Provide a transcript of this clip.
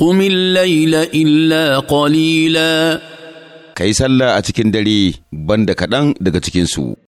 قم الليل إلا قليلا كي سلا أتكن دلي بند كدن دغتكنسو